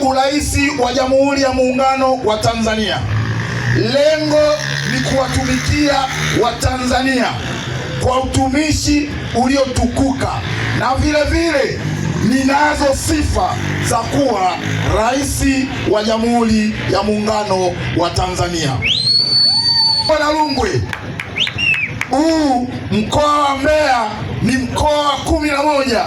Urais wa Jamhuri ya Muungano wa Tanzania. Lengo ni kuwatumikia Watanzania kwa utumishi uliotukuka na vile vile ninazo sifa za kuwa rais wa Jamhuri ya Muungano wa Tanzania. Bwana Rungwe, huu mkoa wa Mbeya ni mkoa wa kumi na moja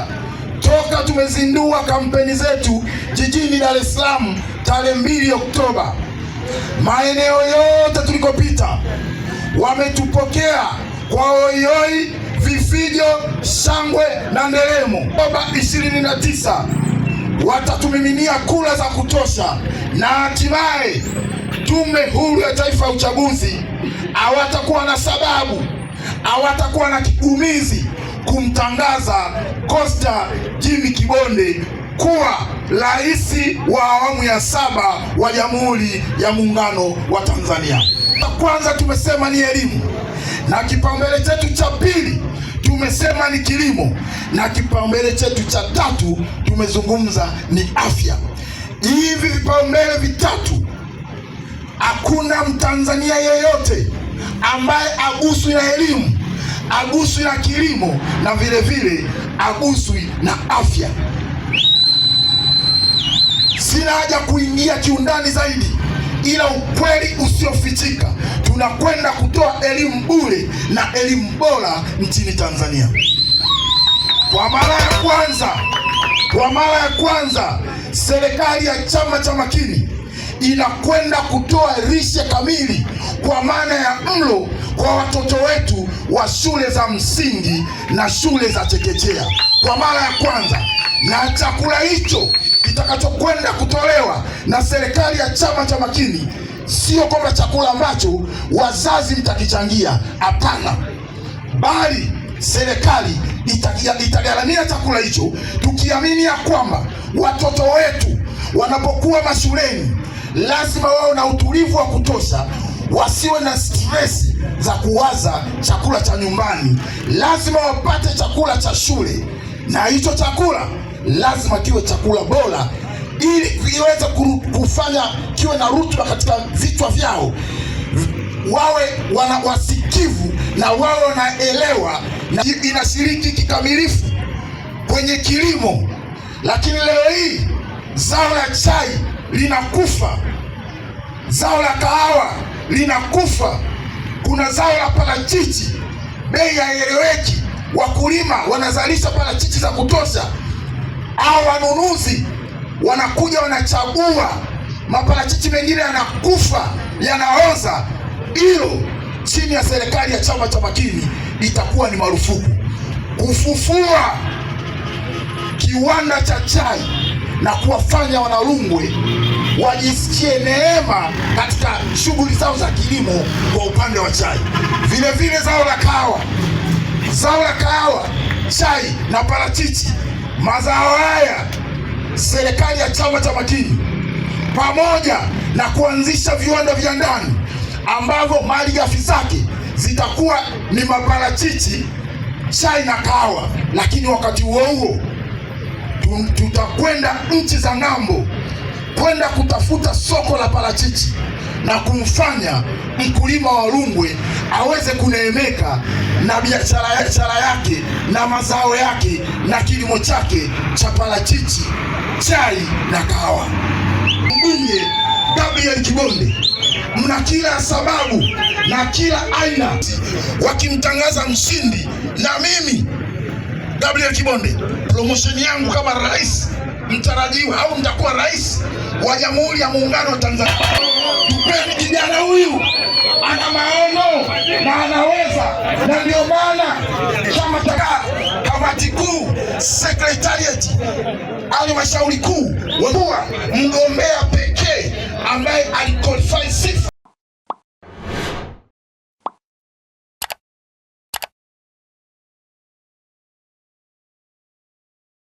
toka tumezindua kampeni zetu jijini Dar es Salaam tarehe mbili Oktoba. Maeneo yote tulikopita wametupokea kwa oioi, vifijo, shangwe na nderemo. Oktoba tisa watatumiminia kura za kutosha na hatimaye Tume Huru ya Taifa ya Uchaguzi hawatakuwa na sababu, hawatakuwa na kigumizi kumtangaza Costa Jimmy Kibonde kuwa rais wa awamu ya saba wa Jamhuri ya Muungano wa Tanzania. Kwanza tumesema ni elimu, na kipaumbele chetu cha pili tumesema ni kilimo, na kipaumbele chetu cha tatu tumezungumza ni afya. Hivi vipaumbele vitatu, hakuna Mtanzania yeyote ambaye aguswi na elimu, aguswi na kilimo na vilevile aguswi na afya. Sina haja kuingia kiundani zaidi, ila ukweli usiofichika, tunakwenda kutoa elimu bure na elimu bora nchini Tanzania kwa mara ya kwanza. Kwa mara ya kwanza serikali ya Chama cha Makini inakwenda kutoa lishe kamili kwa maana ya mlo kwa watoto wetu wa shule za msingi na shule za chekechea kwa mara ya kwanza, na chakula hicho kitakachokwenda kutolewa na serikali ya Chama cha Makini sio kwamba chakula ambacho wazazi mtakichangia, hapana, bali serikali itagharamia chakula hicho, tukiamini ya kwamba watoto wetu wanapokuwa mashuleni lazima wawe na utulivu wa kutosha, wasiwe na stresi za kuwaza chakula cha nyumbani, lazima wapate chakula cha shule na hicho chakula lazima kiwe chakula bora ili iweze kufanya kiwe na rutuba katika vichwa vyao, wawe wana wasikivu na wawe wanaelewa, na inashiriki kikamilifu kwenye kilimo. Lakini leo hii zao la chai linakufa, zao la kahawa linakufa, kuna zao la parachichi bei haieleweki wakulima wanazalisha parachichi za kutosha, au wanunuzi wanakuja wanachagua, maparachichi mengine yanakufa, yanaoza, hiyo chini ya serikali ya Chama cha Makini itakuwa ni marufuku. Kufufua kiwanda cha chai na kuwafanya Wanarungwe wajisikie neema katika shughuli zao za kilimo kwa upande wa chai, vilevile zao la kahawa zao la kahawa, chai na parachichi. Mazao haya serikali ya Chama cha Mapinduzi pamoja na kuanzisha viwanda vya ndani ambavyo mali malighafi zake zitakuwa ni maparachichi, chai na kahawa, lakini wakati huo huo tutakwenda nchi za ng'ambo kwenda kutafuta soko la parachichi na kumfanya mkulima wa Rungwe aweze kuneemeka na biashara yake na mazao yake na kilimo chake cha parachichi, chai na kahawa. Mbunge Gabriel Kibonde, mna kila sababu na kila aina wakimtangaza mshindi, na mimi Gabriel Kibonde, promotion yangu kama rais mtarajiwa au mtakuwa rais wa Jamhuri ya Muungano wa Tanzania. Tupeni kijana huyu, ana maono na anaweza, na ndio maana chama cha kamati kuu, sekretariati, halmashauri kuu, mgombea pekee ambaye aliqualify